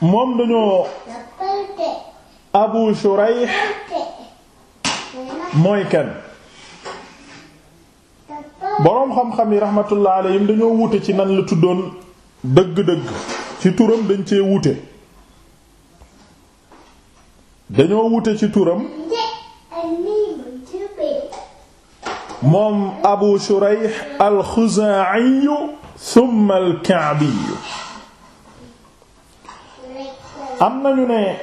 moom dañoo Abu Shurayh mooy kan boroom xam-xam yi rahmatullah alayhim dañoo wute ci nan la tuddoon dëgg-dëgg ci turam dañ cee wute dañoo wute ci turam moom Abu Shurayh al-Khuzaa'i thumma am nañu ne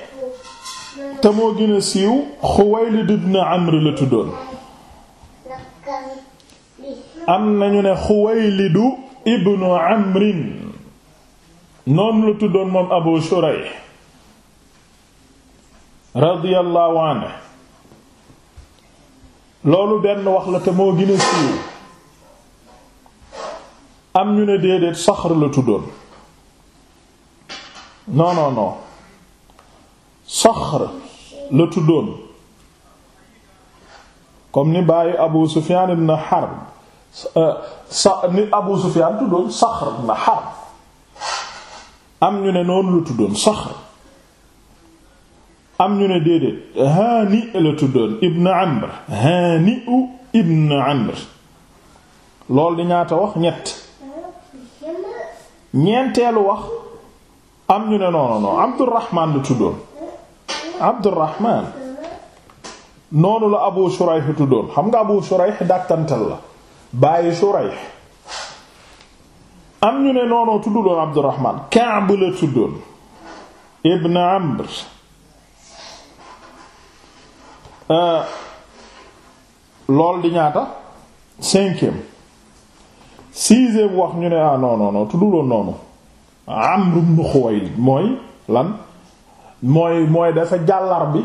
te moo gën siiw Xuwaylid ibn Amr la tuddoon am nañu ne Xuwaylidu ibnu Amrin noonu la tuddoon moom Abu Shurayh radiyallahu anhu loolu benn wax la te moo gën siiw am ñu ne déedéet Saxr la tuddoon non Saxr la tuddoon comme ni bàyyi Abu Sufyaan ibn Harb eh, sa ni Abu Sufyaan tuddoon Saxr ibn Harb am ñu ne noonu la tuddoon Saxr am ñu ne déedéet Haani la tuddoon Ibn Amr Haani Ibn Amr loolu di ñaata wax ñett ñeenteelu wax am ñu ne non non non la tuddoon. Abdurrahman noonu la Abu Shurayh tuddoon xam nga Abu Shurayh dàkkantal la bàyyi Shurayh am ñu ne noonu tudduloon Abdurrahman Ka'b la tuddoon ibn Amr euh, lool di ñaata cinquième sixième wax ñu ne ah tudduloon noonu Amr ibn Khuwaylid mooy lan mooy mooy dafa jàllar bi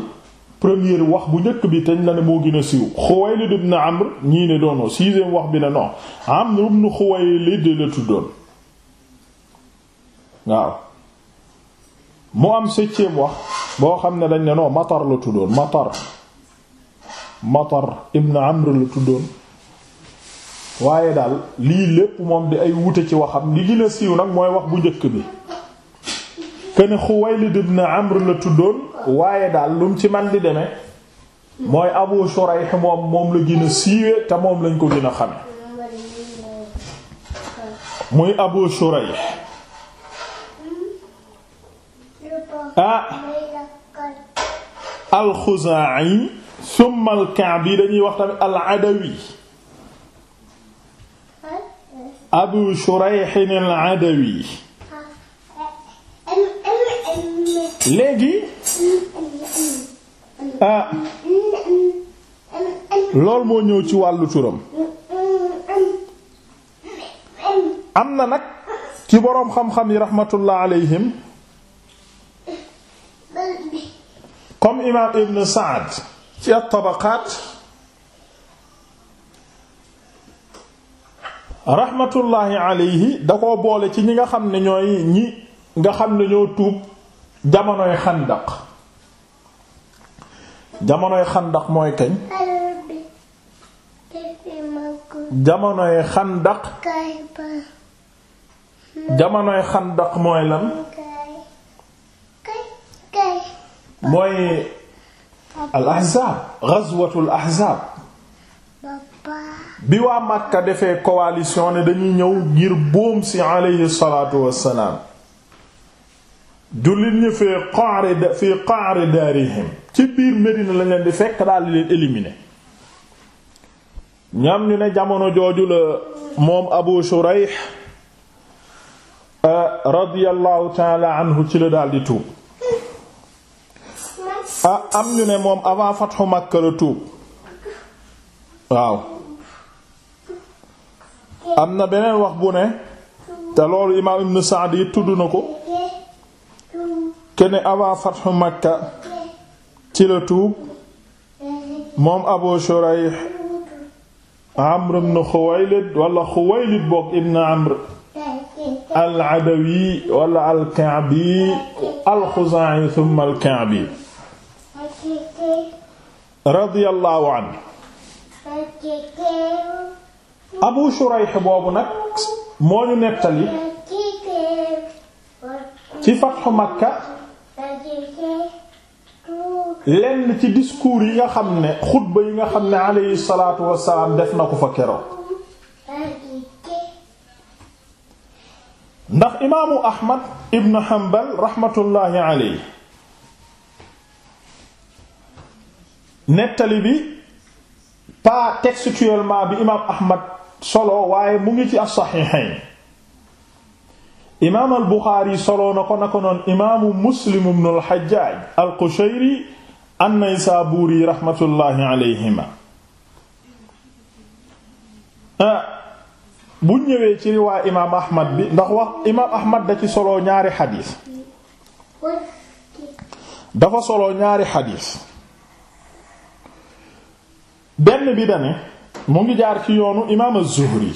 première wax bu njëkk bi teñ la ne moo gën a siiw Xuwaylid ibn Amr ñii ne doono sixième wax bi ne no Amr ibn Xuwaylid la tuddoon waaw mu am septième wax boo xam ne dañ ne non Matar la tuddoon Matar Matar ibn Amr la tuddoon waaye daal lii lépp moom di ay wute ci waxam li gën a siiw nag mooy wax bu njëkk bi këne Xuwaylid ibn Amr la tuddoon waaye daal lu mu ci man di deme mooy Abu Shurayh moom moom la gën a siiwe te moom lañ ko gën a xam muy Abu Shurayh ah al-Xuzaa'i summa al-Ka'bi dañuy wax tamit al-Adawi Abu Shurayh al-Adawi léegi ah loolu moo ñëw ci wàllu turam am na nag ci boroom xam-xam yi rahmatullah alayhim comme imaam Ibn Saad ci at-Tabaqaat rahmatullahi alayhi da koo boole ci ñi nga xam ne ñooy ñi nga xam ne ñoo tuub jamonoy xandaq jamonoy xandaq mooy kañ jamonoy xandaq mooy lan mooy al ahzaab ghazwatul bi waa Makka defee coalition ne dañuy ñëw ngir boom si aleyhi salaatu wassalaam jullit ñi fi qaari fi qaari daarihim ci biir Medina lañ di fekk daal di leen éliminer ñam ñu ne jamono jooju la moom Abu Shurayh euh, radiyallahu taala anhu ci la daal di tuub ah, am ñu ne moom avant fatxu Makka la tuub waaw am na beneen wax bu ne te loolu imaam Ibn Sa'd yi tudd na ko kene avant fatxu Makka ci la moom Abu Shurayh Amr ibn Xuwaylid wala Xuwaylid bokk ibn Amr al-Adawi wala al-Ka'bi al-Xuzaa'i thumma al-Ka'bi radiyallahu anhu Abu Shurayh boobu nag moo ñu nettali ci lenn ci discours yi nga xam ne xutba yi nga xam ne alayhi salaatu wassalaam def na ko fa keroog ndax imaamu ahmad ibn hanbal rahmatullahi alayhi nettali bi pas textuellement bi imaam ahmad solo waaye mu ngi ci as-saxiixayn imaam al buxaari solo na ko na ko noon imaamu muslim ibn al-hajjaaj al-qushayri an-Naysaburi raxmatullaahi alayhima ah, bu ñëwee ci riwaay imaam Ahmad bi ndax wax imaam Ahmad da ci solo ñaari xadiis dafa solo ñaari xadiis benn bi dane mu ngi jaar ci yoonu imaam az-Zuhri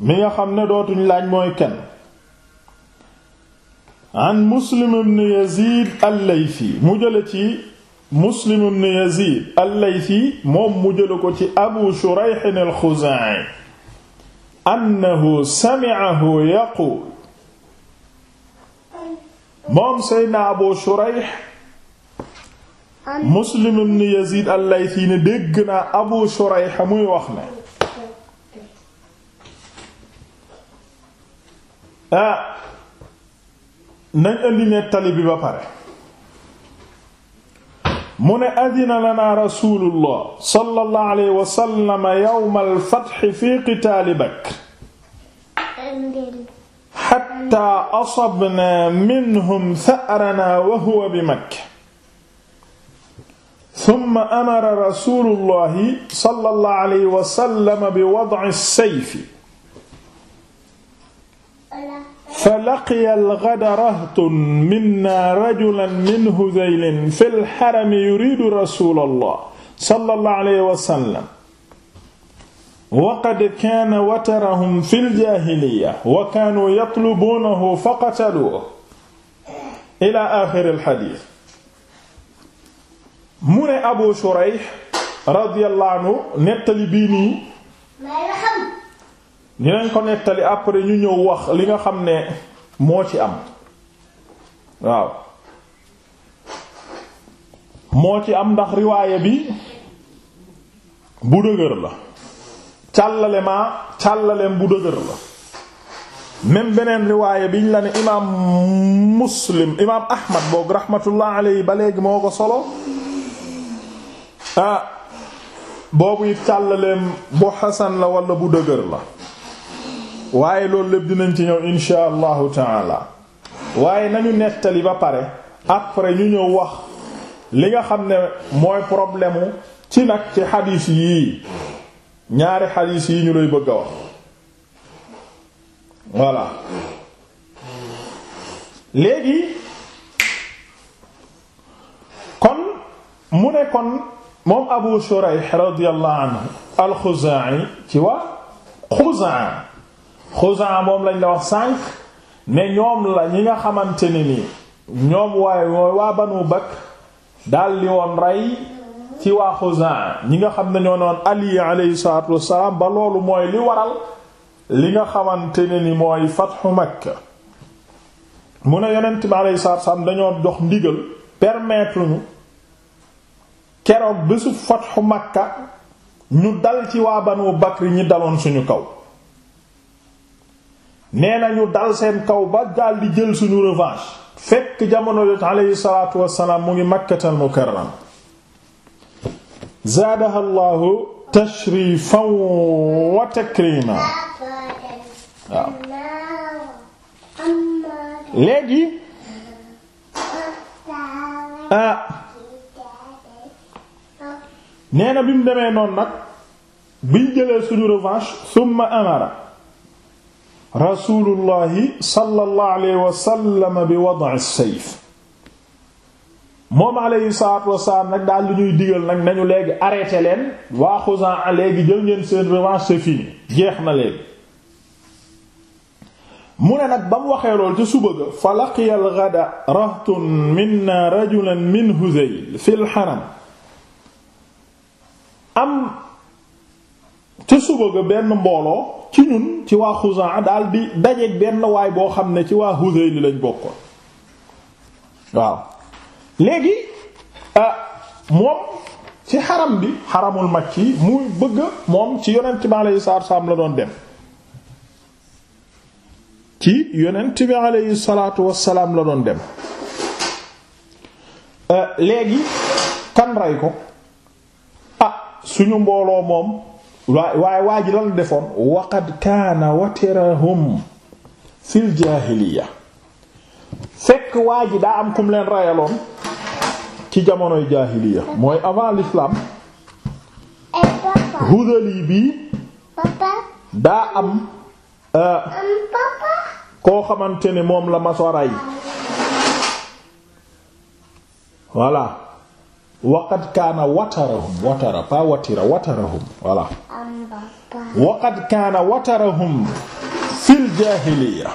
mi nga xam ne dootuñ laaj mooy kenn an muslim ibn yazid al-laythi mu jële ci muslim ibn yazid al-laythi moom mu jële ko ci abu shurayh al-khuzai annahu sami'ahu yaqul moom seydna abu shurayh muslim ibn yazid al-laythi ne dégg naa abu shurayh muy wax ne ah nañ indi nettali bi ba pare mu ne adina lana rasulullah sallallahu alayhi wa sallam yawm al-fath fi qitaal Bakr hatta asabna minhum tha'rana wa huwa bi Makkah thumma amara rasulullah sallallahu alayhi wa sallam bi wad'i as-sayf fa laqiya algada rahtun minna rajulan min huzaylin fi lxarami yuridu rasul allah sallallahu alayhi wa sallam wa qad kaana watarahum fi ljaahiliya wa kaanuu yatlubuunahu fa qataluuhu ila axiri alxadiis mu ne abu shurayh radiyallahu anhu nettali bii nii dinañ ko nettali après ñu ñëw wax li nga xam ne moo ci am waaw moo ci am ndax riwaaye bi bu dëgër la càllale ma càllaleem bu dëgër la même beneen riwaaye biñ la ne imaam muslim imaam ahmad boog rahmatullah alayhi ba léegi moo ko solo ah boobu it càllaleem bu xasan la wala bu dëgër la waaye loolu lépp dinañ ci ñëw insha allahu taala waaye nañu nettali ba pare après ñu ñëw wax li nga xam ne mooy problème ci nag ci xadiis yii ñaari xadiis yi ñu lay bëgg wax voilà léegi kon mu ne kon moom Abu Shurayh radiyallahu anhu al-Khuzaa'i ci waa Khuzaa Xuzaa moom lañ la wax sànq ne ñoom la ñi nga xamante ni nii ñoom waaye mooy waa Banu dal di woon rey ci waa Xuzaa ñi nga xam ne ñoo noon Ali alayhi salaatu wassalaam ba loolu mooy li waral li nga xamante ne ni mooy Fathu Makka mu ne yonent bi alayhi salaatu wassalaam dañoo jox ndigal permettre ñu keroog bésu Fathu Makka ñu dal ci waa Banu Bakr ñi daloon suñu kaw nee na ñu dal seen kaw ba daal di jël suñu revanche fekk jamono jot aleyhi salaatu wassalaam mu ngi makkatal mukarram zaadaha llahu tashrifan wa takrima waaw léegi ah nee na bi mu nag biñ jëlee suñu revanche summa amara rasulullahi sallallahu alayhi wa sallam bi wad' as-sayf moom alayhi salaatu wasalaam nag daal li ñuy digal nag nañu léegi arrêté leen waa Xuzaa léegi jël ngeen seen revanche c'est fini jeex na léegi mu ne nag ba mu waxee lool ca suba ga fa laqiya al-ghada rahtun minna rajulan min Huzayl fil haram am ca suba ga benn mbooloo ci ñun ci waa Xuzaa daal bi dajeeg benn waay boo xam ne ci waa Huzayl lañ bokkoon waaw léegi ah, moom ci xaram bi xaramul makki muy bëgg moom ci yonent bi alayhi salaatu salaam la doon dem ci yonent bi alayhi salaatu wassalaam la doon dem ah, léegi kan rey ko ah suñu mbooloo moom waaye waaye waa ji lan defoon waqad kaana watirahum fil jaahiliya fekk waa ji daa am kum leen rayaloon ci jamonoy jaahiliya mooy avant l'islam hudali bi daa am euh, koo xamante ne moom la maso ray voilà waqad kaana watarahum watara pas watarahum voilà waqad kaana watarahum fil jaahiliya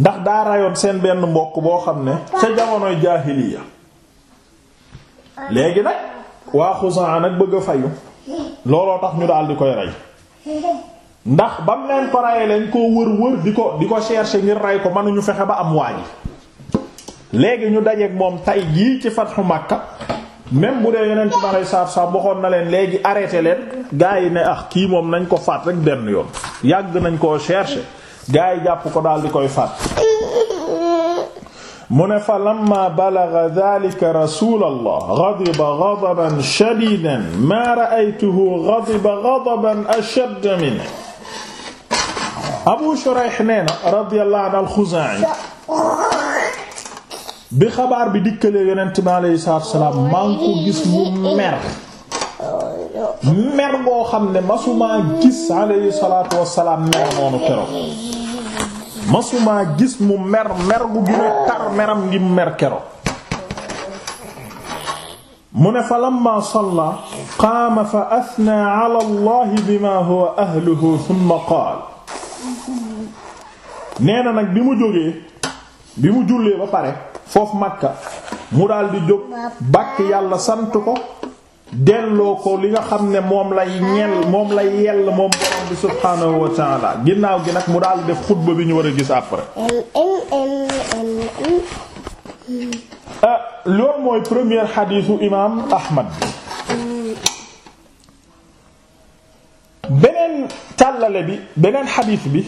ndax daa rayoon seen benn mbokk boo xam ne ca jamonoy jaahiliya léegi nag waa Xuzaa nag bëgg a fayu looloo tax ñu daal di koy rey ndax bam leen ko rayee leen koo wër wër di ko di ko chercher ngir rey ko mënuñu fexe ba am waaji léegi ñu dajeek moom tay jii ci fatxu Makka même bu dee yeneen ci ma lay saaf saaf waxoon na leen léegi arrêté leen gars yi ne ah kii moom nañ ko faat rek benn yoon yàgg nañ koo chercher gars yi jàpp ko daal di koy faat. mu ne fa lamma balagha dhalika rasulallah ghadiba ghadaban shadidan ma ra'aytuhu ghadiba ghadaban ashadda min Abu Shurayh nee na al-Khuzai bi xabaar bi dikkalee yonent bi aleyhi salaatu salaam oh, maa ngi ko gis mu eh, eh. mer oh, mer boo xam ne masumaa gis gis mu mer mer gu gën a tar meram ngi mer keroog mu ne fa lamma salla qaama fa athna ala allahi bima huwa ahluhu thumma qaala nee na nag bi mu jógee bi mu jullee ba pare foofu Makka mu daal di jóg bàkk yàlla sant ko delloo ko li nga xam ne moom lay ñel moom lay yell moom borom bi subhaanahu wa ginnaaw gi nag mu daal def xutba bi ñu war a gis après. loolu mooy premier xadiisu imaam Ahmad bi beneen tàllale bi beneen xadiis bi.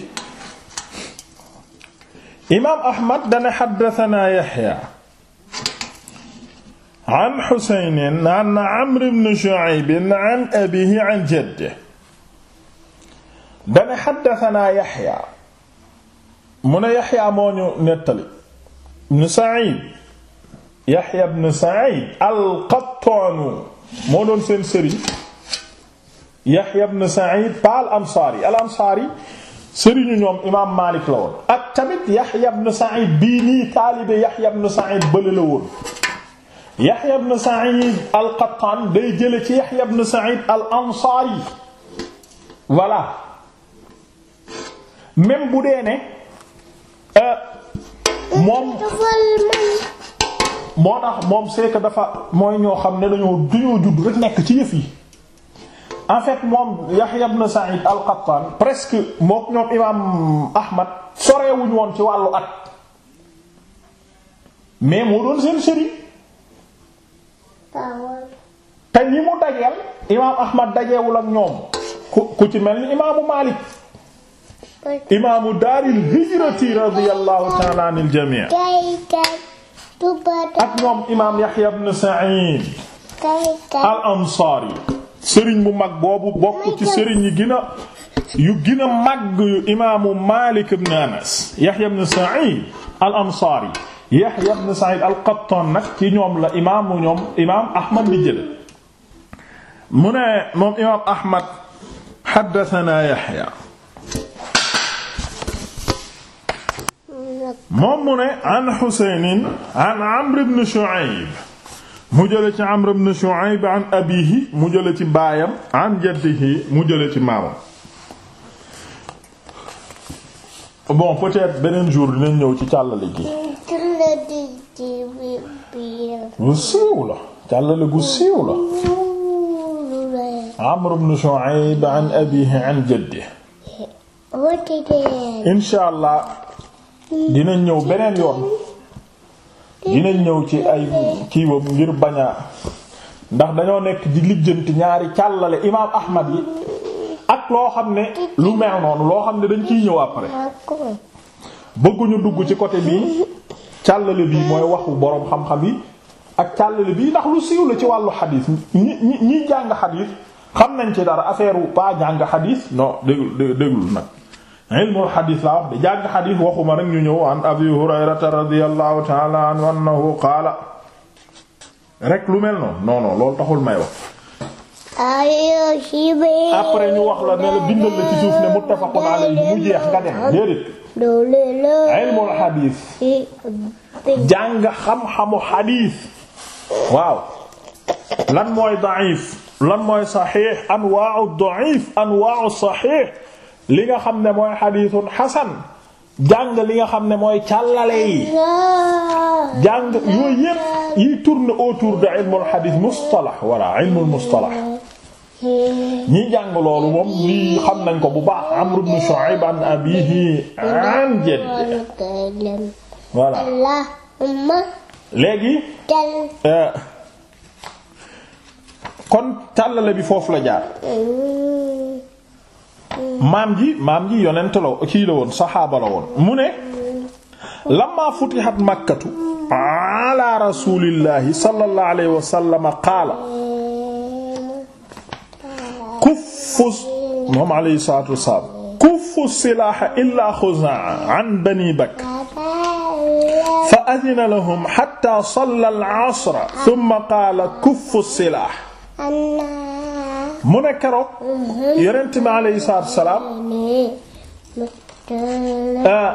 imaam Ahmad dana haddathana Yahya an Husayn an Amr ibn Shu'ayb an abiihi an jaddihi dana haddathana Yahya mu ne Yahya moo ñu nettali ibn Sa'id Yahya ibn Sa'id al-Qattaan moo doon seen sëriñ Yahya ibn Sa'id al-Ansaari al-Ansaari sëriñu ñoom imaam Maalik la ak tamit Yahya ibn Sa'id bii nii taalibe Yahya ibn Sa'id bële la Yahya ibn Sa'id al-Qattaan day jële ci Yahya ibn Sa'id al-Ansaari voilà même bu dee euh, moom moo tax moom c'est dafa mooy ñoo xam ne dañoo dañoo judd rek nekk ci yi en fait moom Yahya ibn Sa'id al-Qattan presque mook ñoom imaam Ahmad sorewuñ woon ci wàllu at mais moo doon seen sëriñ imaam Ahmad dajeewul ak ñoom ku ci mel ni imaamu Maalik imaamu daaril hijrati radiyallahu ta'ala anil jami' ak ñoom al-Ansari sëriñ bu mag boobu bokk ci sëriñ yi gën a yu gën a màgg yu imaamu Malik ibn Anas Yahya ibn Sa'id al-Ansari Yahya ibn Sa'id al-Qattan nag ci ñoom la imaamu ñoom imaam Ahmad bi jël mu ne moom imaam Ahmad haddathana Yahya moom mu ne an Husayn an Amr ibn Shu'ayb mu jële ci Amr ibn Shu'ayb an abiihi mu jële ci baayam an jaddihi mu jële ci maamam bon peut-être beneen jour dinañ ñëw ci càllale gi gu siiw la càllale gu siiw la Amr ibn Shu'ayb an abiihi an jaddihi inshaa Allah dinañ ñëw beneen yoon dinañ ñëw ci ay kiiwam ngir bañ a ndax dañoo nekk di lijjanti ñaari càllale imaam Ahmad yi ak loo xam ne lu meex noonu loo xam ne dañ ciy ñëw après bëgguñu dugg ci côté bii càllale bii mooy waxu boroom xam-xam yi ak càllale bii ndax lu siiw la ci wàllu xadiis ñi ñi ñi jàng xadiis xam nañ ci dara affaire wu pas jàng xadiis non déglu déglu nag. ilmul xadis laa wax de jàng xadis waxuma rek ñu ñëw an abi hurayrata radiyallahu taala anhu annahu qaala rek lu mel noonu non non loolu taxul may wax après ñu wax la ne la bindal la ci suuf ne muttafaqun alayhi mu jeex nga dem déedéet ilmul xadis jàng xam-xamu xadis waaw lan mooy da'if lan mooy saxiix anwaa'u da'if anwaa'u saxiix li nga xam ne mooy xadiisun xasan jàng li nga xam ne mooy càllale yi jàng yooyu yépp yi tourne autour de ilmul xadiis mustalah walla ilmul mustalah ñi jàng loolu moom lii xam nañ ko bu baax Amr ibn Shu'ayb an abiihi an jaddi voilà léegi euh, kon càllale bi foofu la jaar maam ji maam ji yonent la kii la woon saxaaba la woon mu ne lamma futihat makkatu ala rasulillahi sallallahu alayhi wa sallam qaala kuffu moom alayhi salaatu wasalaam kuffu silaaha illaa xuzaa an bani bakr fa adina lahum hatta salla al asra thumma qaala kuffu silaah mu ne keroog yonent bi aleyhi salaatu salaam ah,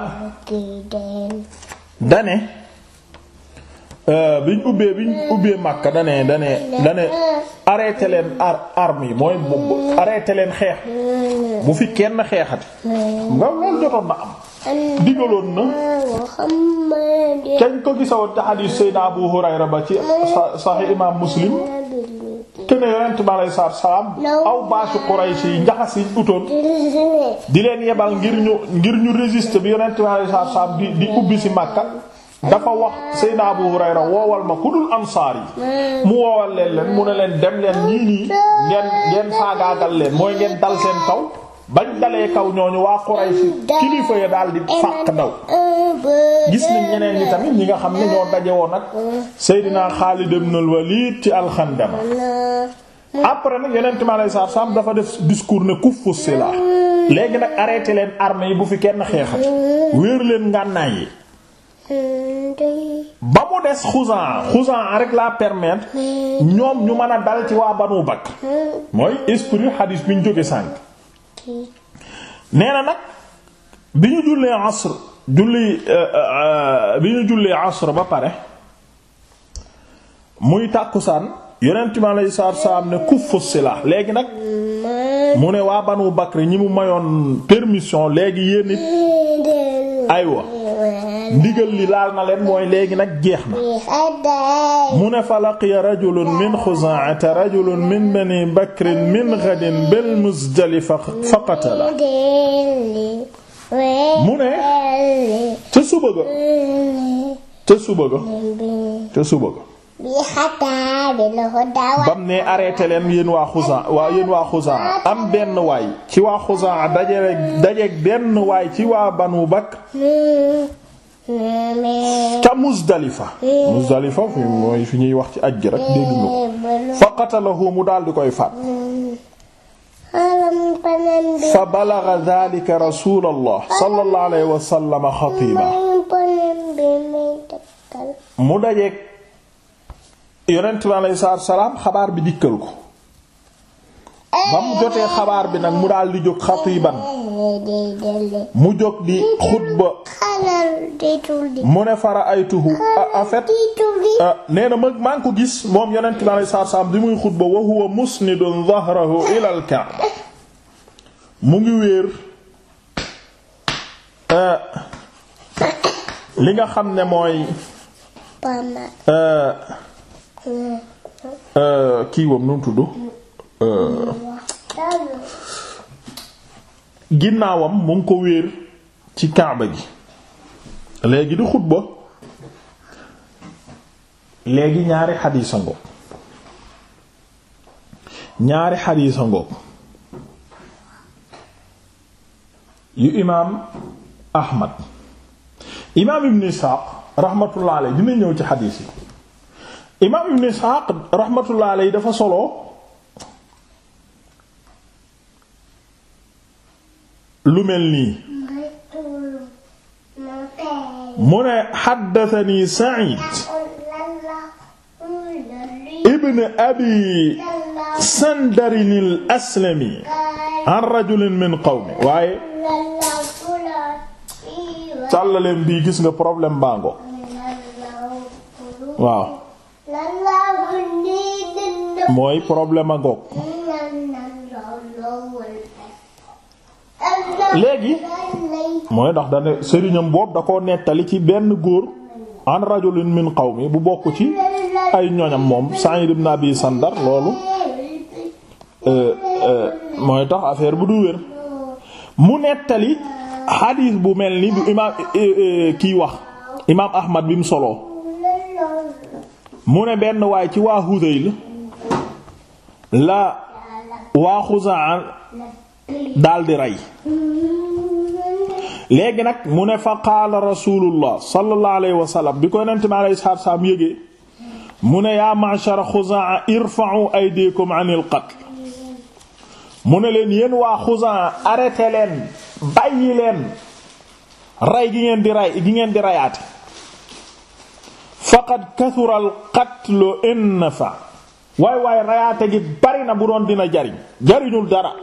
dane ah, biñ ubbee biñ ubbee Makka dane dane dane arrêté leen ar arme yi mooy arrêté leen xeex bu fi kenn xeexati nga loolu jotoon na am digaloon na kañ ko gisawoon ci hadiis Seydina Abu Hurayra ba ci Sahih Imaam Muslim ne yonent bi aleyhi salaatu salaam aw bâche Quraysh yi njaxas yi utoon di leen yebal ngir ñu ngir bi yonent bi aleyhi salaatu salaam di di ubbi ci Makka dafa wax Seydina Abu Hurayra woowal ma ku dul ansaar yi hmm. mu woowal leen leen mu ne leen dem leen ñii nii ngeen ngeen faagaagal leen mooy ngeen dal seen kaw bañ dalee kaw ñooñu waa Quraysh kilifa ya daal di fàq daw gis nañ ñeneen ñi tamit ñi nga xam ne ñoo daje woon ak Seydina Xaalid ibn al-Walid ci alxandama après nag yeneen time alay saab dafa def discours ne kuffu silah léegi nag arrêté leen armée bu fi kenn xeexat wéer leen ngànnaay yi ba mu des Xuzan Xuzan rek la permettre ñoom ñu mën a dal ci waa Banu Bakr mooy esprit hadith bi ñu jóge sànk nee na nag bi ñu jullee asr julli eh, eh, eh, bi ñu jullee asr ba pare muy tàkkusaan yonent bi alayhi salaatu salaam ne kuffu silah léegi nag mu ne waa Banu Bakr ñi mu mayoon permission léegi yéen it aywa ndigal li laal na leen mooy léegi nag jeex na mu ne fa laqiya rajulun min xuzaa'ata rajulun min bani bakrin min ghadin bil muzdalifa fa qatala mu ne ca suba ga ca suba ga ca suba ga bam ne arrêté leen yéen waa Xuzaa waa am benn waay ci waa Xuzaa dajeeg dajeeg benn waay ci waa Banu Bakr ca Muzdalifa Muzdalifa fi mooy fi ñuy wax ci aj gi rek dégg ko fa qatalahu mu daal di koy faat fa balagha dhalika rasulallah sallallahu alayhi wa mu dajeek yonent bi alayhi xabaar bi dikkal ko ba jotee xabaar bi nag mu daal di jóg xatiban mu jóg di xutba mu ne fara ay tuhu en fait euh, nee maa ngi ko gis moom yonent bi alayhi salaam bi muy xutba wa huwa musnidun dhahrahu ila al mu ngi wéer euh, li nga xam ne mooy euh, kiiwam nu mu tudd ginnaawam mu ngi ko wéer ci kaaba gi léegi di xutba léegi ñaari xadiisa ngoog ñaari xadiisa ngoog yu imaam ahmad imaam ibn isxaaq raxmatullah alayhi dina ñëw ci xadiis yi imaam ibn isxaaq raxmatullah alayhi dafa solo lu mel nii mu ne xaddatani Saïd ibn abi sandarin aslami an rajulin min qawmi waaye càllaleen bii gis nga problème bango waaw mooy problème a ngoog léegi mooy ndax dane sëriñam boobu da ko nettali ci benn góor an rajulin min qawmi bu bokk ci ay ñoñam moom Sa'id ibn Abi loolu euh, euh, mooy tax affaire bu du wér mu nettali xadiis bu mel ni bu imaam euh, kiy wax imaam Ahmad bi mu soloo mu ne benn waay ci waa Hudayl la waa Xuzaa daldi rey léegi nag mu ne fa qaala rasulullah sallallahu alayhi wa salaam yégee mu ne yaa ma'shara Xuzaa irfa'u aydikum anil qatl mu ne leen yéen waa Xuzaa arrêté leen bàyyi leen rey gi ngeen di rey fa ngeen di al qatlu in nafa waay waay reyaate gi bari bu doon dina jariñ jariñul dara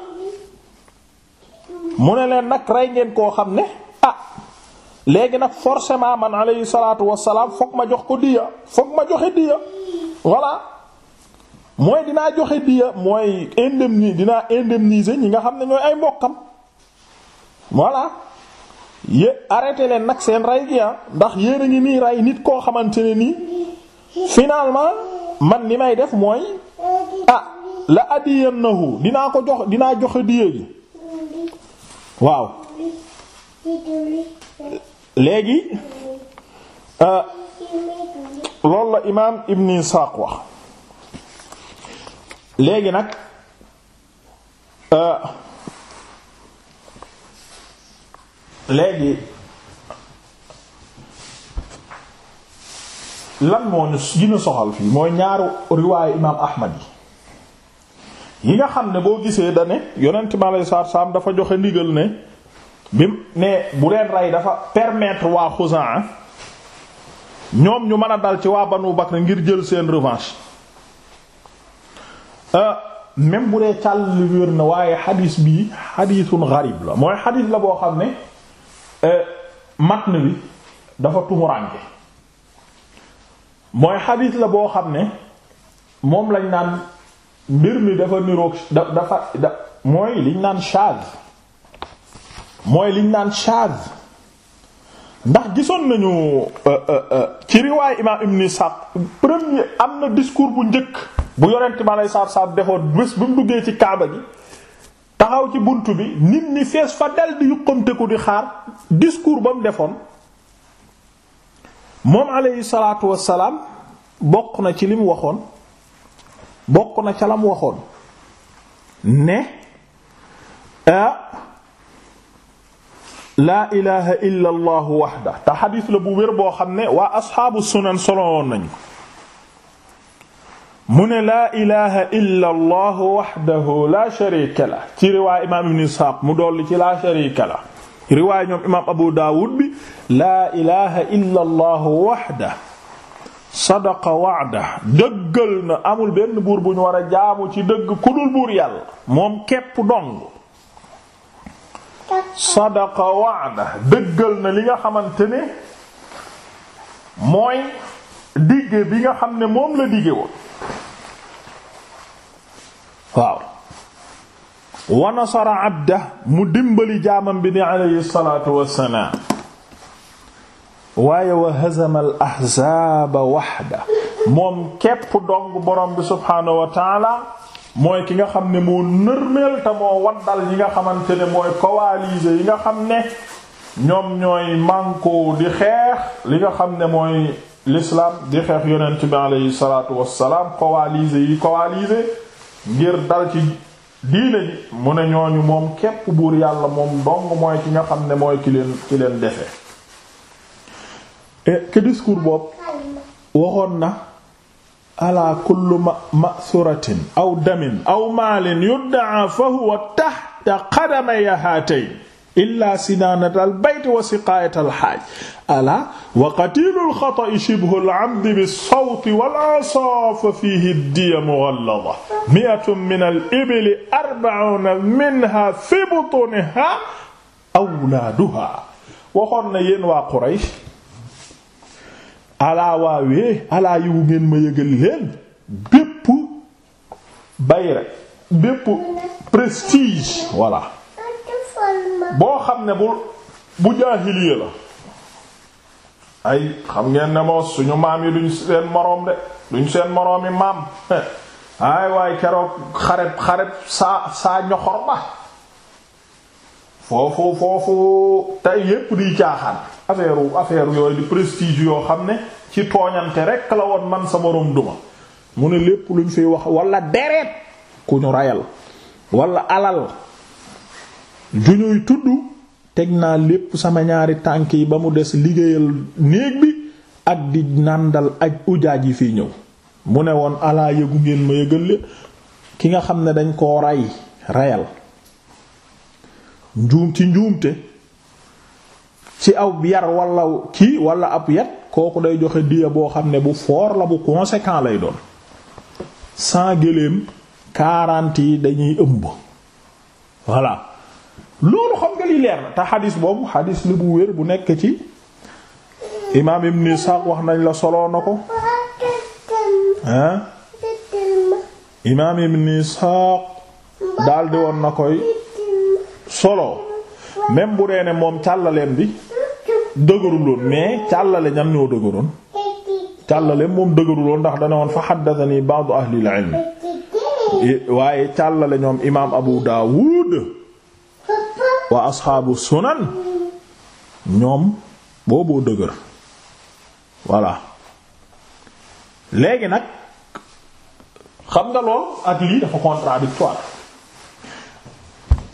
mu ne leen nag rey ngeen koo xam ne ah léegi nag forcément man alayhi salaatu wassalaam foog ma jox ko diya foog ma joxe diya voilà mooy dinaa joxe diya mooy indemni dinaa indemniser ñi nga xam ne ñooy ay mbokkam voilà yé arrêté leen nag seen rey gi ah, ndax yéen a ngi nii rey nit koo xamante ne nii finalement man li may def mooy ah la adiyannahu dinaa ko jox dinaa joxe diya gi waaw léegi euh, loolu la imaam Ibn Isaaq wax léegi nag euh, léegi lan moo ñu gën a soxal fii mooy ñaaru riwaayu imaam Ahmad yi nga xam ne boo gisee da ne yonent ma lay saar saam dafa joxe ndigal ne bi ne bu leen rey dafa permettre waa a ñoom ñu mën a dal ci waa Banu Bakr ngir jël seen revanche euh, même bu dee càll li wér na waaye xadiis bii xadiisun gariib la mooy xadiis la boo xam ne euh, matn bi dafa tumuraanke mooy xadiis la boo xam ne moom lañ naan mbir mi dafa niroog da dafa mooy liñ naan shaz mooy liñ naan shaz ndax gisoon nañu euh, euh, euh, ci riwaay imaam ibn Ishaq premier am na diskuur bu njëkk bu yonent ma lay saab saab defoon bés bu mu duggee ci kaaba gi taxaw ci bunt bi nit ñi fees fa dal di yuqamteku di xaar diskuur ba mu defoon moom alayhi salaatu wassalaam bokk na ci li mu waxoon bokk na ca lam waxoon ne ah laa ilaha waxda te xadis la bu wér boo xam ne waa asxaabu sunan solowoon nañu mu ne laa ilaha illa la sharika la ci riwaay imaam ibn isxaaq mu dolli ci laa sharika la ñoom imaam abu daawud bi laa ilaha waxda sadaqa wa'da dëggal na amul benn buur bu ñu war a jaamu ci dëgg ku dul buur yàlla moom képp dong sadaqa wa'da dëggal na li nga xamante ne mooy digge bi nga xam ne moom la digge woon waaw wa abda mu dimbali jaamam bi ni alayhi wassalaam waaye wa hazama al ahzaaba waxda moom képp dong borom bi subhaanahu wa mooy ki nga xam ne moo nërmeel te moo waddal yi nga xamante ne mooy coalisé yi nga xam ne ñoom ñooy mànko di xeex li nga xam ne mooy l'islam di xeex yonent bi aleyhi salatu wassalaam coalisé yi coalisé ngir dal ci diine ji mu ne ñooñu moom képp buur yàlla moom dong mooy ki nga xam ne mooy ki leen ki leen defe E, ke discours boobu waxoon na ala kullu ma'suratin aw damin aw maalin yudda'a fa huwa tahta qadamay haatayn illa sinaanat al bayt wa siqaayat al haaj ala wa qatilu al xata'i shibhu al 'abd bis sawti wal asaaf fiihi diya mughallada mi'atun min al ibli arba'una minha fi butuniha awlaaduha waxoon na yéen waa Quraysh alaa waawee alaa yiwu ngeen ma yëgal leen bépp bayre bépp prestige voilà boo xam ne bu bu jaahiliya la ay xam ngeen ne moo suñu maam yi duñ seen moroom de duñ seen moroomi maam ay waay keroog xareb xareb saa saa ñoxor ba foofu foofu tey yépp di caaxaan affaire affaire yooyu di prestige yoo xam ne ci tooñante rek la woon man sa moroom duma mu ne lépp luñ fi wax walla deret ku ñu rayal wala alal ju ñuy tudd teg naa lépp sama ñaari tànk yi ba mu des liggéeyal néeg bi ak di nàndal ak ujaaj yi fi ñëw mu ne woon alaa yëgu ngeen ma yëgal ki nga xam ne dañ koo ray rayal njuum ci njuumte ci aw yar wala kii wala ab yat kooku day joxe diya boo xam ne bu foor la bu conséquent lay doon cent géléem quarante yi dañuy ëmb voilà loolu xam nga li leer na te xadis boobu xadis li bu wér bu nekk ci imaam ibn Isaaq wax nañ la soloo na ko ah imaam daldi woon na koy solo même bu dee ne moom càllaleen bi dëgëruloon mais càllale ñan ñoo dëgëroon càllale moom dëgëruloon ndax dana woon fa xaddatani ba'du ahlil ilm waaye càllale ñoom imaam Abu Daawud wa asxaabu sunan ñoom booboo dëgër voilà léegi nag xam nga lool ak lii dafa contradictoire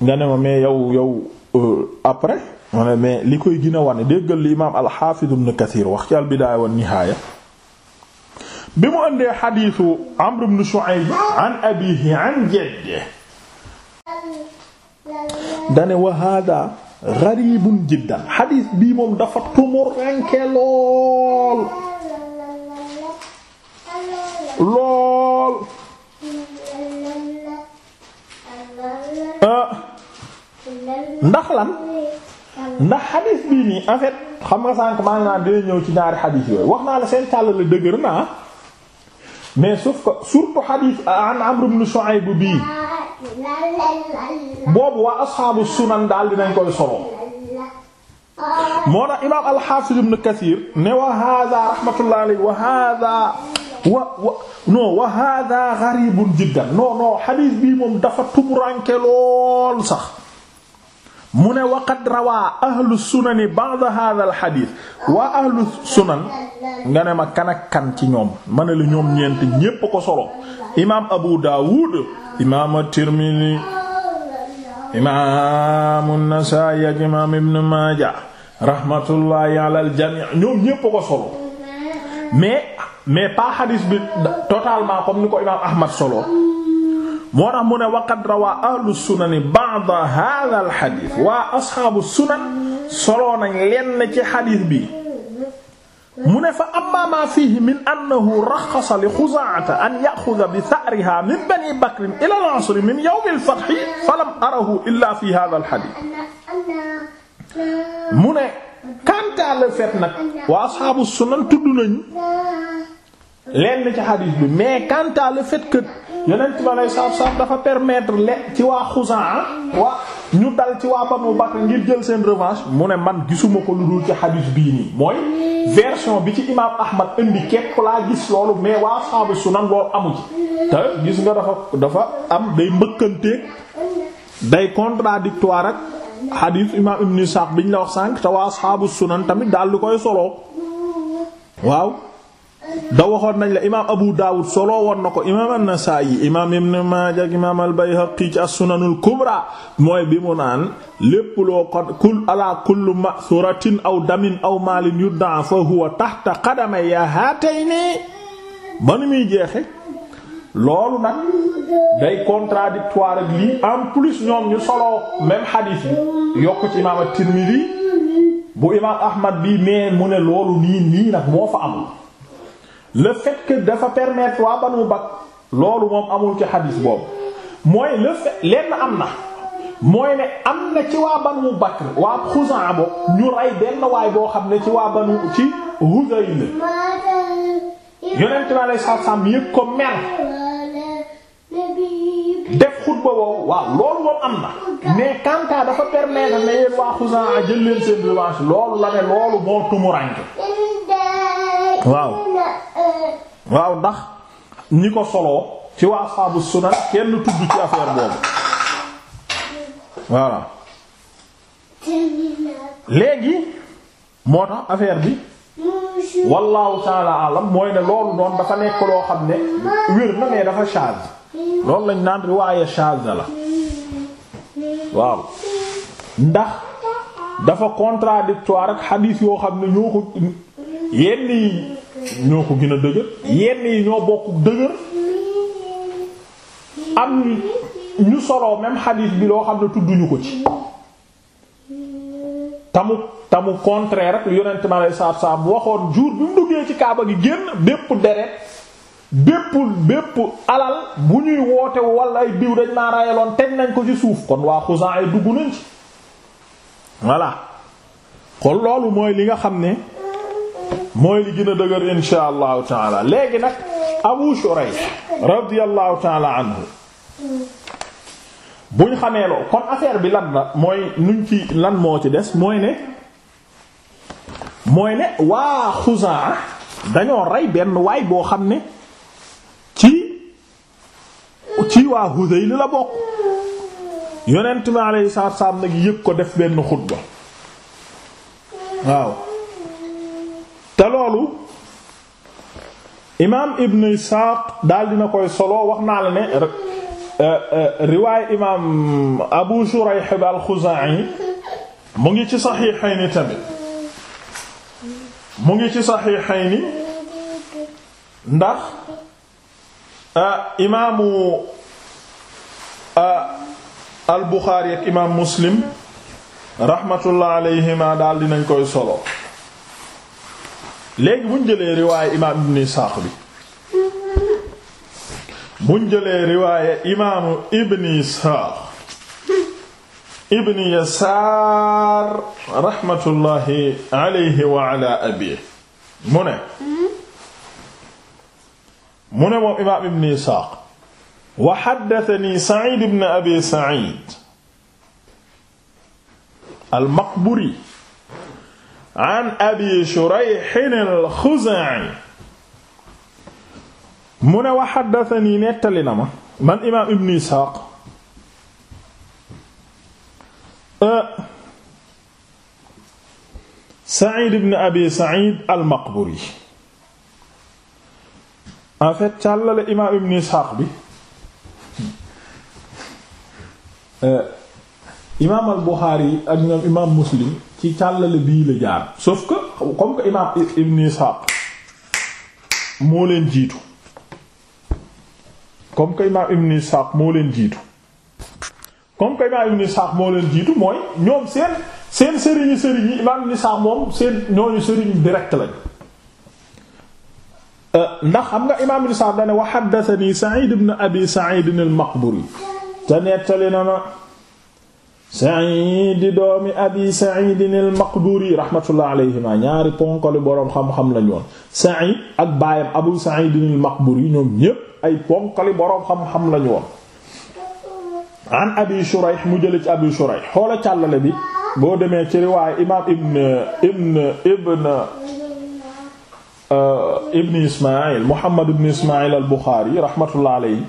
nga ne ma mais yow yow euh, après mu ne mais li koy gën a wane déggal li imaam al-Hafiz ibn Kathir wax ci al-Bidaaya wa Nihaaya bi mu ëndee xadiisu Amr ibn Shu'ayb an abiihi an jaddihi dane wa haadaa gariibun jiddan xadiis bii moom dafa tumuranke lool lool ah. ndax lan ndax xadiis bii nii en xam nga sànq maa ngi naan dina ñëw ci ñaari xadiis yooyu wax naa la seen càll la dëgër mais sauf que surtout Amr ibn Shu'ayb bii boobu waa asxaabu sunan daal dinañ koy solo. moo tax imaam al-Hafiz Kathir ne wa hadha rahmatullahi moom dafa tumuranke lool sax. mu ne waqad rawaa ahlu sunani ba'da hadha al waa ahlu sunan nga ne ma kan kan ci ñoom ma ne la ñoom ñeent ñépp ko solo imaam Abu Dawud imaam at-Tirmidhi imaam an-Nasa'i ak imaam Ibn Majah rahmatullahi ala al-jami' ñoom ñépp ko solo mais mais pas hadith bi totalement comme ni ko imaam Ahmad solo. moo tax mu ne waqad rawaa ahlu sunani ba'da hadha waa asxaabu sunan soloo nañ lenn ci xadiis bi ne fa amma ma fiihi min annahu raxxasa li xuzaa'ata an ya'xuda bi sa'rihaa min bani bakrin ila al asr min yawm al fath falam fi hadha al kanta le fait waa asxaabu sunan tudd nañ yeneen bi aleyhi salaatu dafa permettre le ci waa Xuzaa waa ñu dal ci waa Banu Bakr ngir jël seen revanche mu ne man gisuma ko lu dul ci xadiis bii nii mooy version bi ci imaam Ahmad indi képp laa gis loolu mais waa saabu sunan loolu amu ci te gis nga dafa dafa am day mbëkkanteeg day contradictoire ak xadiis imaam Ibn Isaaq biñ la wax sànq te waa saabu sunan tamit daal lu koy soloo waaw. da waxoon nañ la imaam Abu Dawud solo woon na ko imaam an-Nasaa'i imaam Ibn Maaja imaam al-Bayhaqi ci as-Sunanul Kubra mooy bi mu naan lépp loo kon kul ala kullu ma'suratin aw damin aw maalin yudda'a fa huwa tahta qadamayya haatayni man muy jeexe loolu nag day contradictoire lii en plus ñoom ñu solo même hadith yi yokk ci imaam at bu imaam Ahmad bi mais mu ne loolu nii nii nag moo fa amul. le fekk dafa permettre waa banu bak loolu moom amul ci xadis boobu mooy le fait lenn am na mooy ne am na ci waa banu bakr waa xusan bo ñu rey benn waay boo xam ne ci waa banu ci Hudayl yonent bi alei satu selaam yëg xutba woowu waaw loolu moom am na mais Kantaa dafa permettre ne yéen waa Xuzaa jël leen seen revanche loolu la ne loolu moo tumuranke waaw waaw ndax ñi ko soloo ci waa saabu sunan kenn tudd ci affaire boobu voilà léegi moo tax affaire bi wallahu taala alam mooy ne loolu noonu dafa nekk loo xam ne wér na mais dafa charge loolu lañ naan riwaaya shadda la waaw ndax dafa contradictoire ak xadiis yoo xam ne ñoo ko yenn yi ñoo ko gën a dëgër yenn yi ñoo bokk dëgër am ñu soloo même xadiis bi loo xam ne tudduñu ko ci tamu tamu contraire ak yonent ma lay saab saab waxoon jour bi mu duggee ci kaaba gi génn bépp deret bépp bépp alal bu ñuy woote wala ay biiw dañ maa rayaloon teg nañ ko ci suuf kon waa Xuzaa ay dugg nañ ci voilà kon loolu mooy li nga xam ne mooy li gën a dëgër insha allahu taala léegi nag Abu Shurayh radiyallahu taala anhu buñ xamee loo kon affaire bi lan la mooy nuñ ci lan moo ci des mooy ne mooy ne waa Xuzaa dañoo rey benn waay boo xam ne ci waa Hudayl la bokk yonent mi alayhi salaatu salaam nag yëg ko def benn xutba waaw te loolu imaam Ibn Isaaq daal dina koy solo wax naa la ne eh, eh, riwaay imaam Abu Shurayh al-Khuzaa'i mu ngi ci Sahihayn tamit mu ngi ci Sahihayn ndax. Ah, imaamu ah, al Buxaari ak imaam Muslim rahmatullah alayhima daal dinañ koy solo léegi buñ jëlee imaam ibn Isaaq bi buñ jëlee riwaaye imaamu ibn Isaaq ibn Yasaar rahmatullahi alayhi wa ala abiihi mu ne mu ne moom imaam ibn Isaaq wa haddathani Sa'id ibn Abi Sa'id al-Maqburi an Abi Shurayh al-Khuzaa'i mu ne wa haddathani nettali na ma man imaam ibn Isaaq euh, Sa'id ibn Abi Sa'id al-Maqburi en fait càllale imaam ibn Ishaq bi euh, imaam al Buxaari ak ñoom imaam Muslim ci càllale bii la jaar sauf que comme que imaam ibn Ishaq moo leen jiitu comme que imaam ibn Ishaq moo leen jiitu comme que moo leen jiitu mooy ñoom seen seen sëriñu sëriñ imaam ibn Ishaq moom seen ñooñu sëriñu direct lañ ndax xam nga imaam ibn Sa'd dane wa haddathani Sa'id ibn Abi Sa'id al-Maqburi te nettali na ma Sa'id doomi Abi Sa'id al-Maqburi rahmatullah alayhima ñaari ponkali boroom xam-xam lañu woon Sa'id ak baayam Abu Sa'id al-Maqburi ñoom ñépp ay ponkali boroom xam-xam lañu woon an Abi Shurayh mu jële ci Abi Shurayh xoola càllale bi boo demee ci riwaaye imaam ibn ibn ibn Euh, ibn ismail muhammad ibn ismail al buxaari rahmatullah alayhi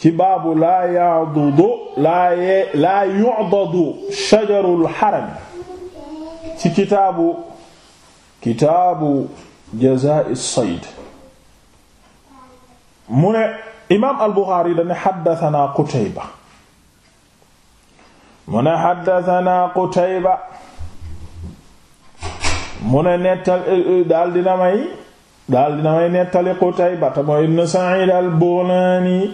ci baabu laa yadudu laa ye laa yu'dadu shajarul haram ci kitaabu kitaabu jazaa'i sayd mu ne imaam al buxaari dane xaddatanaa qutayba mu ne xaddatanaa qutayba mu ne nettal eh, eh, daal dina may daal dina may nettali Qutayba mooy ibn Sa'id al-Baghlani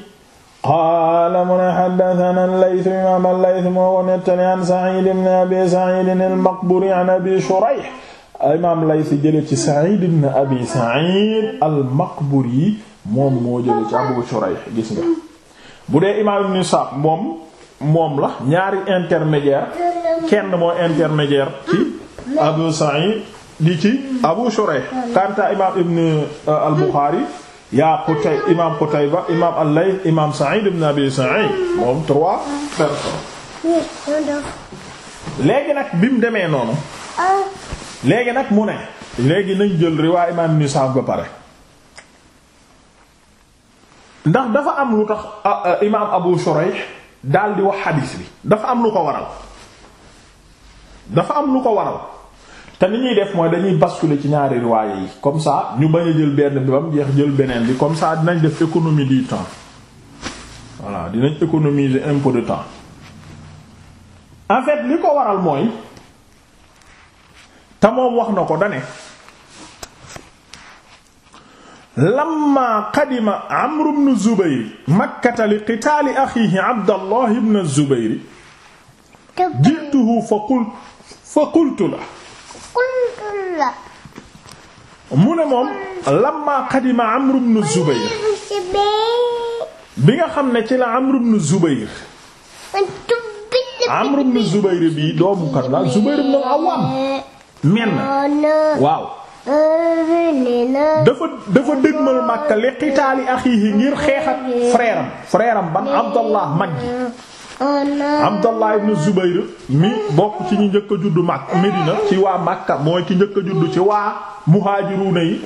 mu ne haddathana al-Layth imaam moo ko nettali an Sa'id ibn Abi Sa'id al-Maqburi an Abi Shurayh imaam Layth jële ci Sa'id ibn Abi Sa'id al-Maqburi moom moo jële Abu Shurayh gis nga bu dee imaam Ibn moom la ñaari intermédiaire kenn moo intermédiaire ci Abu Sa'id di ci Abu Shuraih kanta imam ibn uh, al-Bukhari yaa moom trois léegi nag bi mu demee noonu léegi nag mu ne léegi nañ jël riwaa imam ibn Sa'd ba pare ndax dafa am lu tax uh, uh, imam Abu Shuraih daal di wax xadiis bi dafa am lu ko waral dafa am lu ko waral te ni ñuy def mooy dañuy basculer ci ñaari riwaaye yi comme ça ñu bañ jël benn bi ba mu jeex jël beneen bi comme ça dinañ def économie du temps voilà dinañ économiser un peu de temps en li ko waral mooy te moom wax na ko dane lamma qadima amru ibn zubayr makkata li qitaali axiihi abdallah ibn zubayr ji'tuhu fa qultu la mu ne moom lamma qadima Amr ibn Zubayr bi nga xam ne ci la Amr ibn Zubayr bi doomu kan la Zubayr ibn Awwam menn oh, waaw dafa dafa dëgmal Makka li qitaali axiihi ngir xeex ak frère am ban Abdallah mag ji Oh Abdallah ibn Zubayr mi bokk ci njëkk a juddu Makka Medina ci waa Makka mooy ki njëkk a juddu ci waa muhaajiruuna yi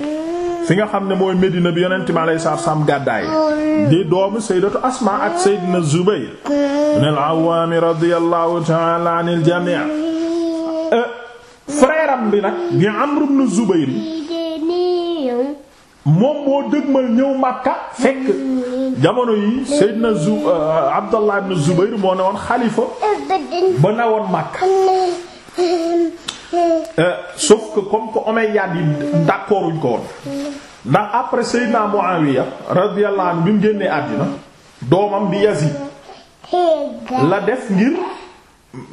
fi nga xam ne mooy Medina bi yonent mi alayhi salaatu salaam gàddaay oh di doomu sayyidatu Asmaa ak sayyidina Zubayr mm. ibn al-Awwaam radiyallahu ta'ala anil jamii' mm. eh, frère am bi nag di Amr ibn Zubayr moom moo dëgmal ñëw Makka fekk jamono yi Seydina Zu euh, Abdallah ibn Zubayr moo ne woon xalifa ba ne woon Makka euh, sauf que comme que Omeyyades yi d'accorduñ ko woon ndax après Seydina Muawiya radiyallahu anhu bi mu àddina doomam di Yazid la def ngir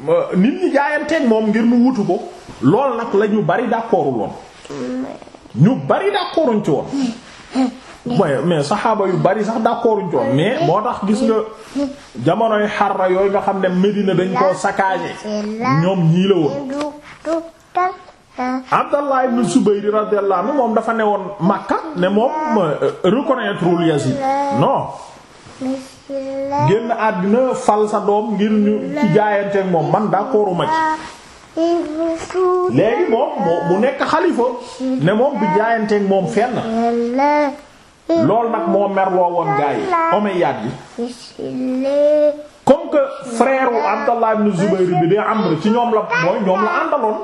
euh, nit ñi jaayanteeg moom ngir mu wutu ko lool nag la ñu bari d'accorduloon ñu bari d'accorduñ ci woon mais mais saxaaba yu bari sax d'accorduñ ci woon mais moo tax gis nga jamonoy xarra yooyu nga xam ne Medina dañ koo saccagé ñoom ñii la woon. Abdallah ibn Zubayr radiyallahu anhu moom dafa ne woon Makka ne moom euh, reconnaître wul Yazid génn àddina fal sa doom ngir ñu ci jaayanteeg moom man d'accorduma ci. léegi moom mu nekk xalifa ne moom du jaayanteeg moom fenn loolu nag moo merloo woon gaa yi Omeyyad yi comme que frère wu Abdallah ibn bi day Amr ci ñoom la mooy ñoom la àndaloon.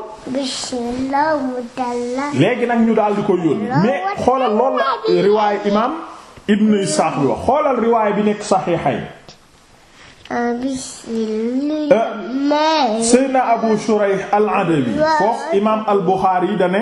léegi nag ñu daal di ko yónni mais xoolal lool riwaayu imaam Ibn Isaaq bi wax xoolal riwaay bi nekk saxiixay Euh, Seydina Abu Shurayh al-Adawi foofu imaam al-Buxaari da ne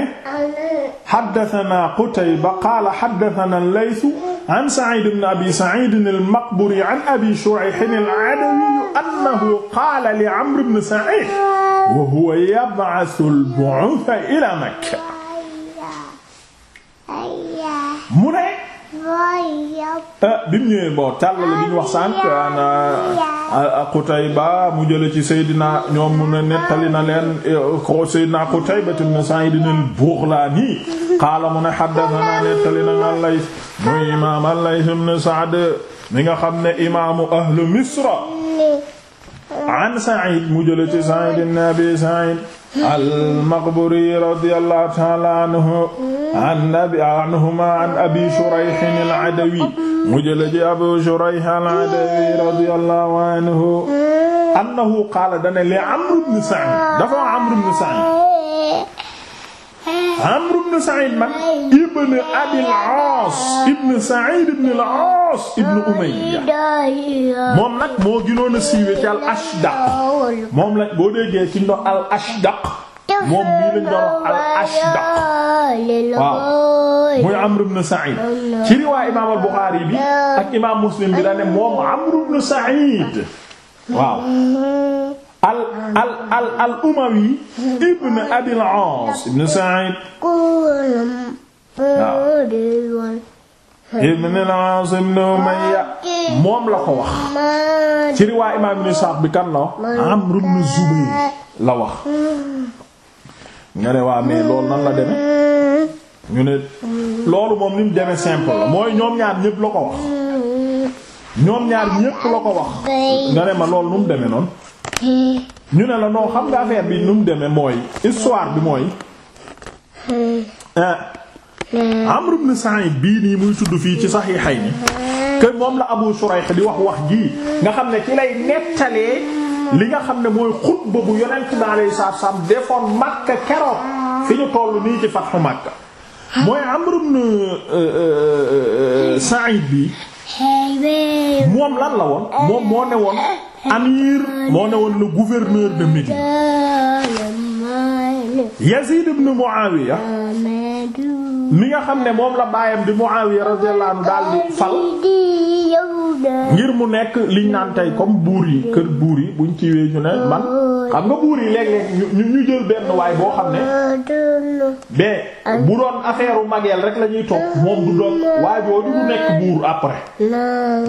haddathanaa Qutayba qaala haddathanaa al-Layth an Sa'iid ibn Abi Sa'iid al-Maqburi an Abi Shurayh al-Adawi annahu qaala li Amr ibn Sa'iid wa huwa yab'athu al-bu'utha ilaa Makka mu ne euh, bi mu ñëwee boo tàllale bi ñu wax sànq Qutayba mu jële ci Seydina ñoom mu na leen eh, Seydina Qutayba ibn Sa'id al-Baghlani mu ne haddathana nettali na al-Layth muy imaam al-Layth mi nga xam ne imaamu ahlu Misra an Sa'id mu jële ci Sa'id ibn Abi al-Maqburi radiyallahu ta'ala anhu an abi anhuma an abi Shurayh al-Adawi mu jële ci Abu Shurayh al-Adawi radiyallahu anhu annahu qaala dana li Amr ibn Sa'id dafa Amr ibn Sa'id Amr ibn Sa'id man ibn Abi al-Aas ibn Sa'id ibn al-Aas ibn Umayya moom nag moo gënoon a siiwee ci al-Ashdaq moom lañ boo déggee ci ndox al-Ashdaq moom mii lañ doon wax al-Ashdaq waaw muy Amr ibn Sa'id ci riwaay imaam al-Bukhari bi ak imaam Muslim bi da ne moom Amr ibn Sa'id waaw al al al al umawi ibn abil aas ibn sa'id ibn al moom la ko wax ci riwaa imaam ibn Sa'd bi kan la wax amr ibn zubayr la wax nga ne waa mais loolu nan la deme ñu ne loolu moom li mu deme simple la mooy ñoom ñaar ñépp la ko wax ñoom ñaar ñépp la ko wax nga ne ma loolu nu mu deme noonu ñu ne la noo xam affaire bi nu mu demee mooy histoire bi mooy ah. Amr ibn Sa'id bii nii muy sudd fii ci Sahihayni que moom la Abu Shurayh di wax wax jii nga xam ne ci lay nettalee li nga xam ne mooy xutba bu yonent bi alayhi salaatu salaam defoon Makka keroog fi ñu tollu nii ci Fathu Makka mooy Amr ibn euh, euh, euh, Sa'id bi moom lan la woon moom moo ne woon amir moo ne woon le gouverneur de Médine Yazid ibn Muawiya mi nga xam ne moom la baayam di Muawiya radiyallahu anhu daal di fal ngir mu nekk liñ naan tey comme buur yi kër buur yi buñ ci ñu ne man xam nga buur yi léeg-léeg ñu ñu jël benn waay boo xam ne mais bu doon affaire u mageel rek lañuy ñuy toog moom du doog waajooju du nekk buur après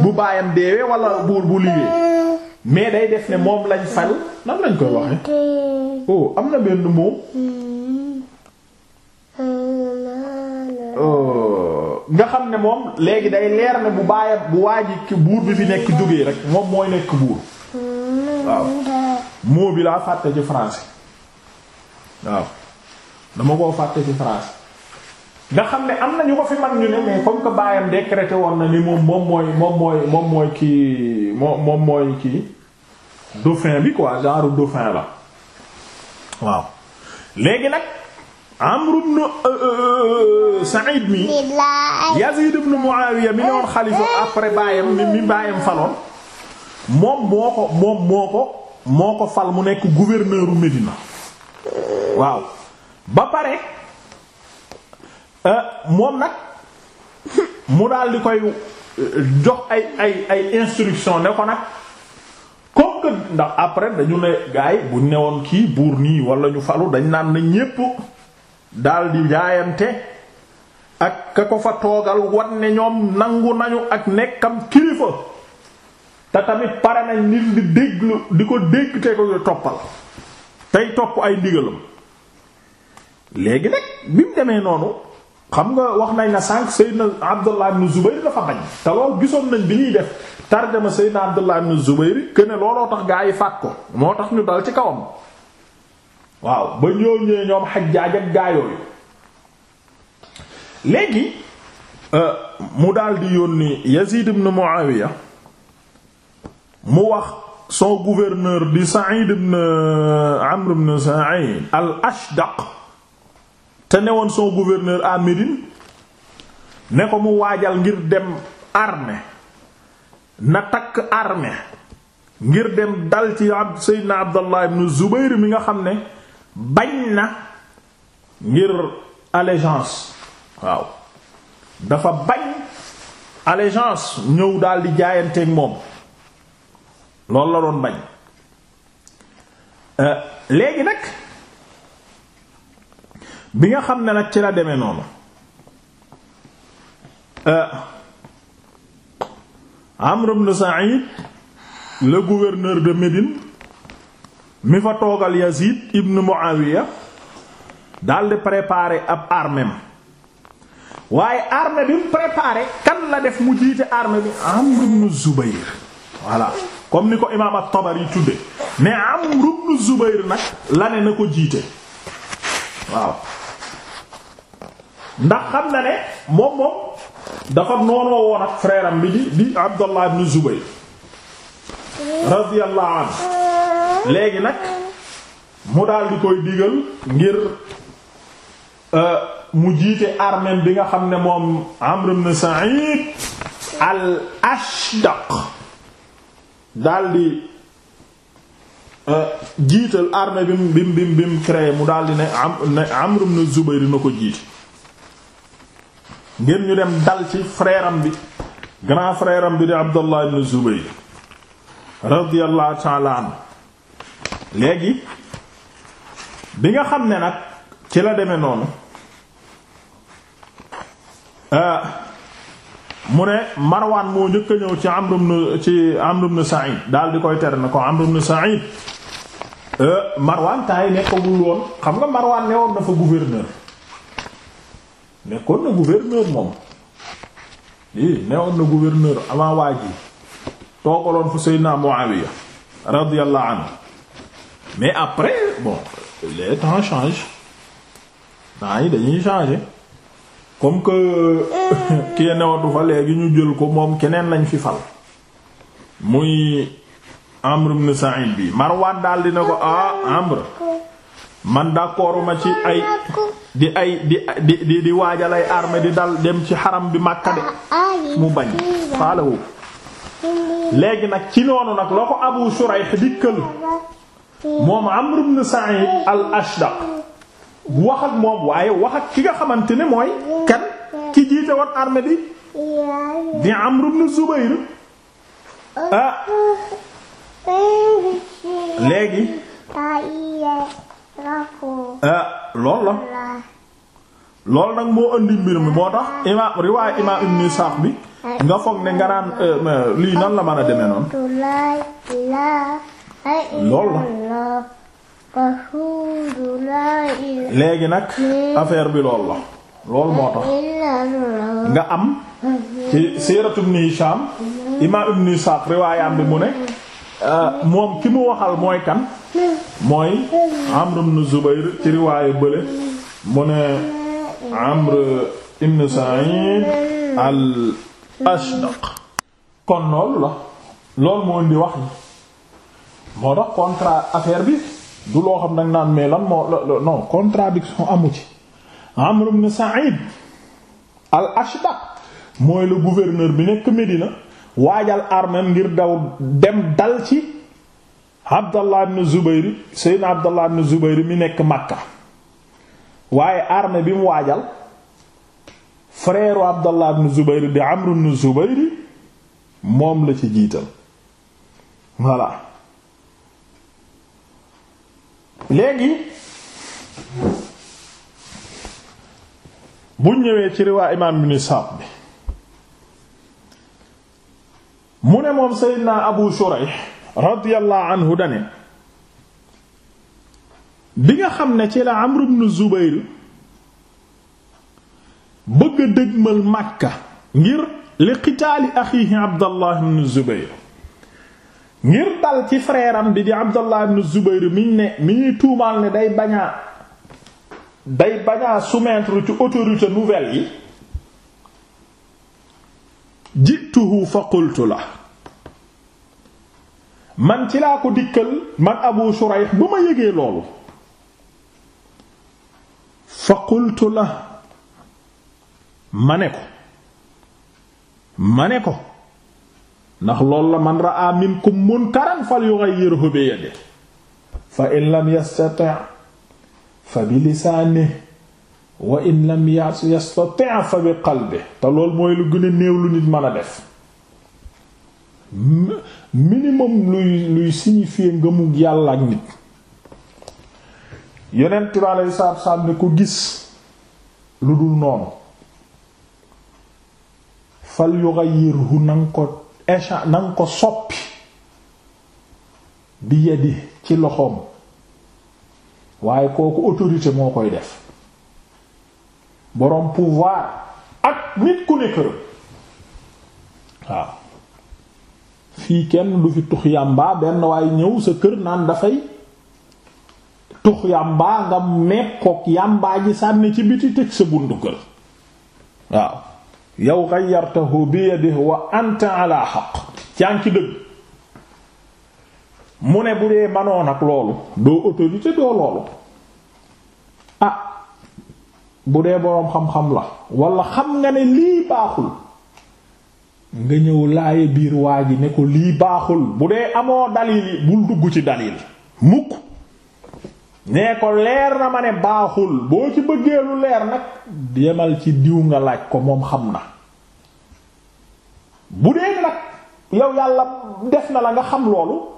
bu baayam deewee wala buur bu liggéey mais day def ne moom lañ fal nan lañ koy waxe oh am na benn moom hmm. oh, nga xam ne moom léegi day leer ne bu bàyyi bu waaji ki buur bi fi nekk jógee rek moom mooy nekk buur waaw moo bi laa fàtte ci français waaw dama koo fàtte ci français nga xam ne am na ñu ko fi mag ñu ne mais comme que baayam décrété woon na ni moom moom mooy moom mooy moom mooy kii moom moom mooy kii dauphin bi quoi genre dauphin la waaw léegi nag Amr ibn euh, euh, Sa'id mi Yazid ibn Muawiya mi noon xalifa après baayam mi mi baayam faloon moom moo ko moom moo ko moo ko fal mu nekk gouverneuru Médina waaw ba pare Euh, moom nag mu daal koy euh, jox ay ay ay instruction ne ko nag comme que ndax après dañu ne bu yi buñ newoon kii buur nii wala ñu falu dañ naan na ñépp daal jaayante ak ka ko fa toogal wan ne ñoom nangu nañu ak nekkam kilifa te tamit pare nañ nit di déglu di ko dégg te ko toppal tey topp ay ndigalam léegi nag bi mu demee noonu xam nga wax nañ la sànq Seydina Abdullah ibn Zubayr dafa bañ te loolu gisoon nañ bi ñuy def tarjama Seydina Abdullah ibn Zubayr que ne looloo tax gaa yi faat ko moo tax ñu dal ci kawam waaw ba ñoo ñëwee ñoom Hajjaaj ak gaa yooyu léegi euh, mu daldi yónni Yazid ibn Muawiya mu wax son gouverneur di Sa'id ibn Amr ibn Sa'id al-Ashdaq te ne woon soo à Médine ne ko mu waajal ngir dem armée na takk armée ngir dem dal ci Seydina Abdallah ibn Zubayr mi nga xam ne bañ na ngir allégeance waaw dafa bañ allégeance ñëw daal di jaayanteeg moom loolu la doon bañ euh, léegi nag bi nga xam ne nag ci la demee noonu euh, Amr ibn Sa'id le gouverneur de Médine mi fa toogal Yazid ibn Muawiya daldi préparer ab armem waaye armée bi mu préparé kan la def mu jiite armée bi Amr ibn Zubayr voilà comme ni ko imaam at-Tabari tudde mais Amr ibn Zubayr nag la ne na ko jiite waaw ndax xam na ne moom moom dafa noonoo woon ak frère am bi di di Abdallah ibn Zubayr radiyallahu anhu léegi nag mu daal di koy digal ngir euh, mu jiite armée bi nga xam ne moom Amr ibn Sa'id al Ashdaq daal di euh, jiital armée bi mu bi mu bi mu créé mu daal di ne Amr ibn Zubayr na ko jiite ngir ñu dem dal ci frère bi grand frère bi di Abdallah ibn Zubayr radiyallahu ta'ala anhu léegi bi nga xam ne nag ci la demee noonu euh, mu ne Marwan moo njëkk ñëw ci Amr ibn ci Amr ibn Sa'id daal di koy tere na ko Amr ibn Sa'id euh, Marwan temps yi nekkagul woon xam nga Marwan ne woon dafa gouverneur nekkoon na gouverneur moom i newoon na gouverneur avant waa ji toogaloon fu Seydina Muawiya radiyallahu anhu mais après bon les temps change temps dañuy changer comme que kii newatu fa léegi ñu jël ko moom keneen lañ fi fal muy Amr ibn Sa'id bi Marwan daal ne ko ah Amr man d'accorduma ci ay di ay di di di waajal ay armée di dal dem ci xaram bi Makka de mu bañ faalewu léegi nag ci noonu nag loo ko Abu Shurayh dikkal moom Amr ibn al-Ashdaq wax ak moom waaye wax ak ki nga xamante ne mooy kan ki jiite woon armée bi di Amr Zubayr ah léegi ah eh, loolu la loolu nag moo indi mbir mi moo tax imaam riwaay imaam ibn Isaaq bi nga foog ne nga naan eh, lii nan la mën a demee noonu loolu la léegi nag affaire bi lool la lool moo tax nga am ci siiratu ibn Hishaam imaam ibn Isaaq riwaayam bi mu ne eh, moom ki mu waxal mooy kan mooy Amr ibn Zubayr ci riwaayu bële mu ne Amr ibn Sa'id al Ashdaq kon loolu la loolu moo indi wax ni moo tax contrat affaire bi du loo xam nag naan mais lan moo non contradiction amu ci Amr ibn Sa'id al Ashdaq mooy le gouverneur bi nekk Médina waajal armée ngir daw dem dal ci Abdallah ibn Zubayr Seydina Abdallah ibn Zubayr mi nekk Makka waaye armée bi mu waajal frère Abdallah ibn Zubayr di Amr ibn Zubayr moom la ci jiital voilà léegi bu ñëwee ci riwaa imaam ibn Sa'd bi mu ne moom Seydina Abu Shuraih radiyallahu anhu bi nga xam ne ci la Amr ibn Zubayr bëgg a dëgmal Makka ngir li qitaali axiihi Abdallah ibn Zubayr ngir dal ci frère am bi di Abdallah ibn Zubayr mi ñuy tuumaal ne day bañaa day bañaa soumettre ci autorité nouvelle yi jituhu fa qultu la man ci laa ko dikkal man abu shurayh bu ma yëgee loolu fa qultu la ma ne ko ma ne ko ndax loolu la man ra'a minkum munkaran falyughayyirhu bi yadihi fa in lam yastati' fa bi lisaanihi wa in lam yastati' fa bi qalbihi te loolu mooy lu gën a néew lu nit mën a def minimum luy luy signifier ngëmug yàlla ak nit yonent bi aleyhi salaatu salaam ne gis lu dul noonu fal yughayyirhu na ko échange na ko soppi bi yadi ci loxoom waaye kooku autorité moo koy def boroom pouvoir ak nit ku ne këram waaw fii kenn du fi tux yàmbaa benn waaye ñëw sa kër naan dafay tux yàmbaa nga mekkook yàmbaa ji sànni ci biti tëj sa buntu kër waaw yow ghayyartahu bi yadihi wa anta ala haqq yaa dëgg mu ne bu dee manoon ak loolu doo autorité doo loolu ah bu dee boroom xam-xam la wala xam nga ne lii baaxul nga ñëw laaye biir waa ji ne ko lii baaxul bu dee amoo dalil yi bul dugg ci dalil mukk nee ko leer na ma ne baaxul boo ci bëggee lu leer nag yemal ci diw nga laaj ko moom xam na bu dee nag yow yàlla def na la nga xam loolu